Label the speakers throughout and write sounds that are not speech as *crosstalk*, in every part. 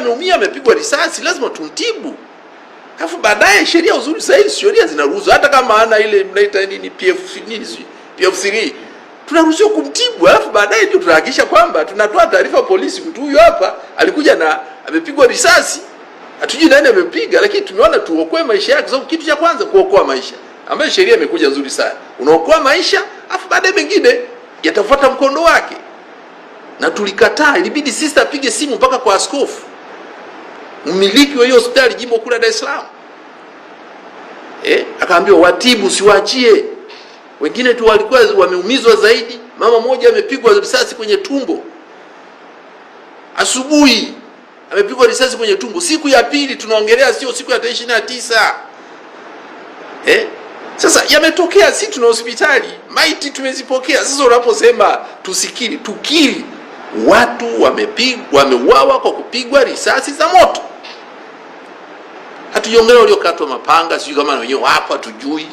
Speaker 1: ameumia, amepigwa risasi, lazima tumtibu. Alafu baadaye sheria, uzuri sasa hizi sheria zinaruhusu hata kama ana ile mnaita nini PF nini sio PF3, tunaruhusiwa kumtibu, alafu baadaye ndio tunahakikisha kwamba tunatoa taarifa polisi, mtu huyo hapa alikuja na amepigwa risasi, hatujui nani amempiga, lakini tumeona tuokoe maisha yake, sababu kitu cha kwanza kuokoa maisha, ambayo sheria imekuja nzuri sana, unaokoa maisha, alafu baadaye mengine yatafuata mkondo wake. Na tulikataa, ilibidi sister apige simu mpaka kwa askofu mmiliki wa hiyo hospitali jimbo kule Dar es Salaam eh, akaambiwa watibu, siwaachie. wengine tu walikuwa wameumizwa zaidi. Mama mmoja amepigwa risasi kwenye tumbo asubuhi, amepigwa risasi kwenye tumbo. Siku ya pili tunaongelea, sio siku ya 29. tisa eh? Sasa yametokea, si tuna hospitali, maiti tumezipokea. Sasa unaposema tusikiri, tukiri, watu wamepigwa, wameuawa kwa kupigwa risasi za moto. Hatujaongelea waliokatwa mapanga, sijui kama na wenyewe wapo, hatujui.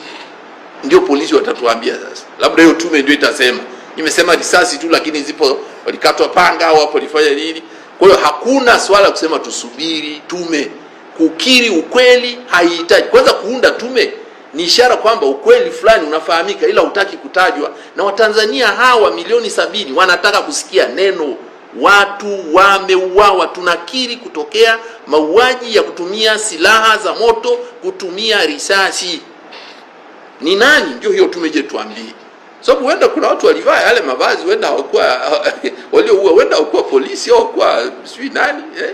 Speaker 1: Ndio polisi watatuambia sasa, labda hiyo tume ndio itasema. Nimesema risasi tu, lakini zipo walikatwa panga au wapo walifanya nini. Kwa hiyo hakuna swala kusema tusubiri tume. Kukiri ukweli haihitaji kwanza kuunda tume, ni ishara kwamba ukweli fulani unafahamika, ila hutaki kutajwa, na Watanzania hawa milioni sabini wanataka kusikia neno watu wameuawa. Tunakiri kutokea mauaji ya kutumia silaha za moto, kutumia risasi. Ni nani? Ndio hiyo tumeje tuambie sababu so, huenda kuna watu walivaa yale mavazi, huenda hawakuwa *laughs* walioua, huenda hawakuwa polisi au kwa sijui nani eh?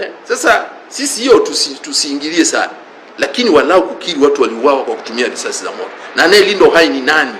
Speaker 1: Eh? Sasa sisi hiyo tusi, tusiingilie sana, lakini walau kukiri watu waliuawa kwa kutumia risasi za moto, na anayelindwa hai ni nani?